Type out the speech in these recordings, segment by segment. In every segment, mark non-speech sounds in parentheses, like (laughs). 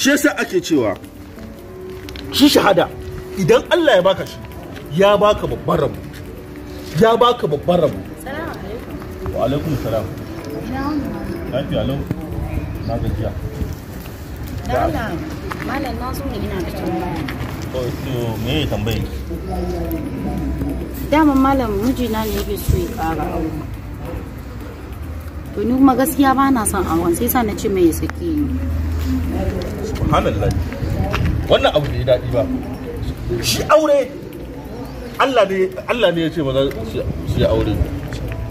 shi yasa ake cewa shi shahada idan Allah ya baka shi ya baka babban rabo ya baka babban rabo wa alaikum salam lafiya lau na gajiya dala malam na so ne ina da tambaya oh, to me ya tambaye daman malam mijina ne yake so ya kara aure to ni kuma gaskiya ba na son awon sai sa na ce mai saki ne subhanallah wannan abu bai daɗi ba shi aure Allah ne ya ce maza su yi aure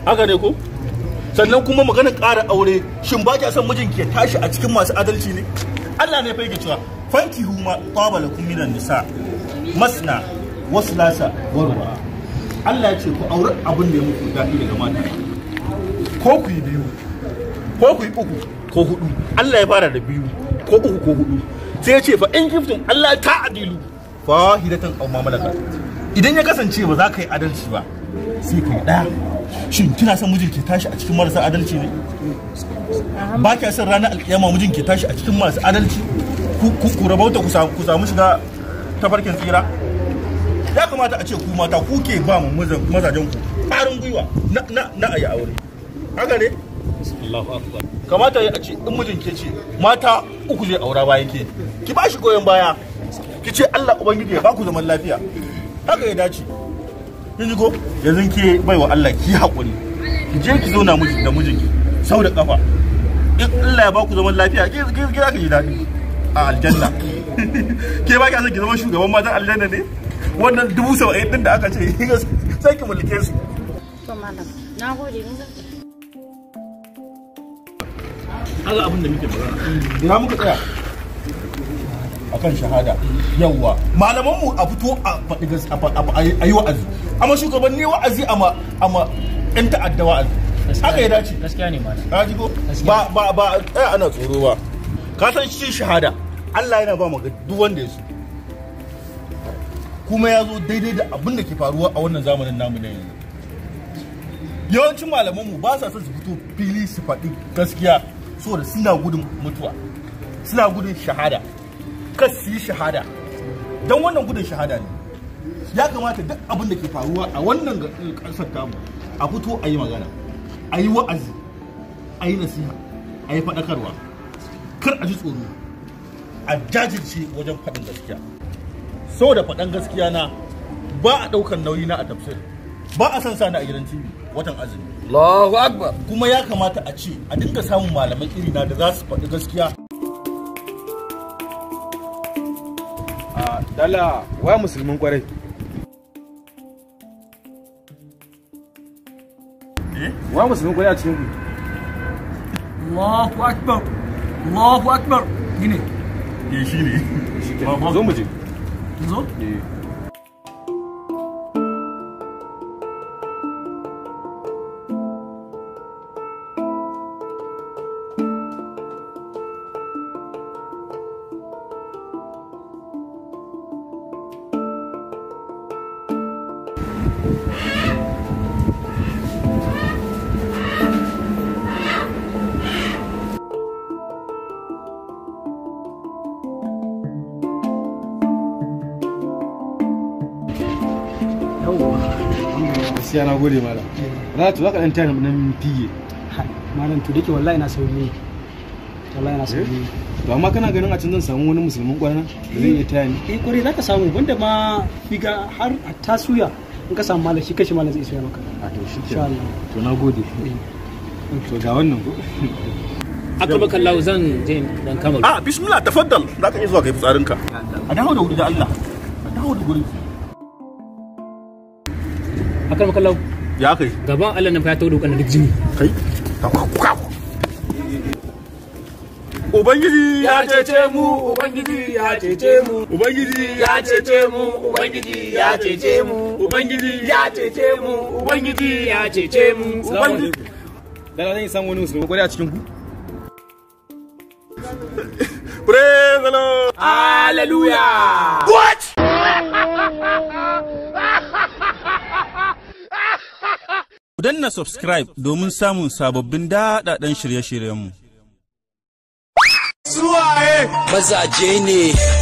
haka ne ko sannan kuma maganar ƙara aure shin ba kya son mijinki ya tashi a cikin masu adalci ne Allah ne fa yake cewa fanki huma qabala kun minan nisa masna waslasa warwa Allah ya ce ku aure abin da ya muku daɗi daga mata ko ku yi biyu ko ku yi uku ko hudu Allah ya fara da biyu ko uku ko hudu sai ya ce fa in kiftin Allah ta adilu fa hidatan aw mamalakat idan ya kasance ba za ka yi adalci ba sai ka yi daya shin kina son mijin ke tashi a cikin marasa adalci ne ba kya son ranar alkiyama mijin ke tashi a cikin marasa adalci ku rabauta ku samu shiga tafarkin tsira ya kamata a ce ku mata ku ke ba mu mazajen ku ƙarin gwiwa na a na ayi aure haka ne kamata ya ce in mijin ke ce mata uku zai aura bayan ke ki ba shi goyon baya ki ce Allah ubangiji ya baku zaman lafiya haka ya dace kin ji ko yanzu ke baiwa Allah ki hakuri ki je ki zauna miji da ki sau da kafa in Allah ya baku zaman lafiya ki ki ki ji daɗi a aljanna (laughs) ke ba ki san ki zama shugaban matan aljanna ne wannan dubu saba'in ɗin da aka ce (laughs) sai ki mulke su to malam na gode kaga abin da muke magana ina muka tsaya akan shahada yawwa malaman mu a fito a faɗi a yi wa'azi amma shugabanni wa'azi amma amma yan ta'adda wa'azi haka ya dace gaskiya ne malam ba ba ba tsaya ana tsoro ba ka san shi shahada Allah yana ba mu ga duk wanda ya so kuma ya zo daidai da abin da ke faruwa a wannan zamanin namu na yanzu yawancin malamanmu ba sa son su fito fili su faɗi gaskiya saboda suna gudun mutuwa suna gudun shahada kas su yi shahada don wannan gudun shahada ne ya kamata duk abin da ke faruwa a wannan ƙasar tamu a fito a yi magana a yi wa'azi a yi nasiha a yi faɗakarwa kar a ji tsoro a jajirce wajen faɗin gaskiya saboda faɗin gaskiya na ba a ɗaukar nauyi na a tafsir ba a san sani a gidan tv watan azumi Allahu Akbar. Kuma ya kamata a ce a dinga samun malaman na da za su faɗi gaskiya. A dala wa musulmin kwarai. Eh? Wa musulmin kwarai a cikin ku. Allahu Akbar. Allahu Akbar. Gine. Ye eh, shi ne. Zo mu je. Zo? Eh. gaskiya na gode rana tayar malam to dake wallahi na sauri wallahi na sauri eh? to amma kana ganin a can zan samu wani musulmin kwana da iya ni eh kwarai samu banda ma figa har a tasuya in ka samu malam shi kashi malam zai ya maka a to shi ke to na gode eh. to ga wannan ko akrabaka Allah zan je dan kamar Ah bismillah tafaddal zaka ka zuwa kai fitsarinka a dawo da wuri da Allah a dawo da Aka akrabaka lau. ya kai gaban Allah na fa ya tawo da duk jini kai ka ku Ubangiji ya cece mu, Ubangiji ya cece mu, Ubangiji ya cece mu, Ubangiji ya cece mu, Ubangiji ya cece mu, Ubangiji ya cece mu, Ubangiji. Dala zan yi san wani musulmi kwarai a cikin ku? (laughs) Praise the Lord! Hallelujah! What? (laughs) Ku danna subscribe domin samun sababbin daɗaɗɗen shirye-shiryenmu. mazaje ne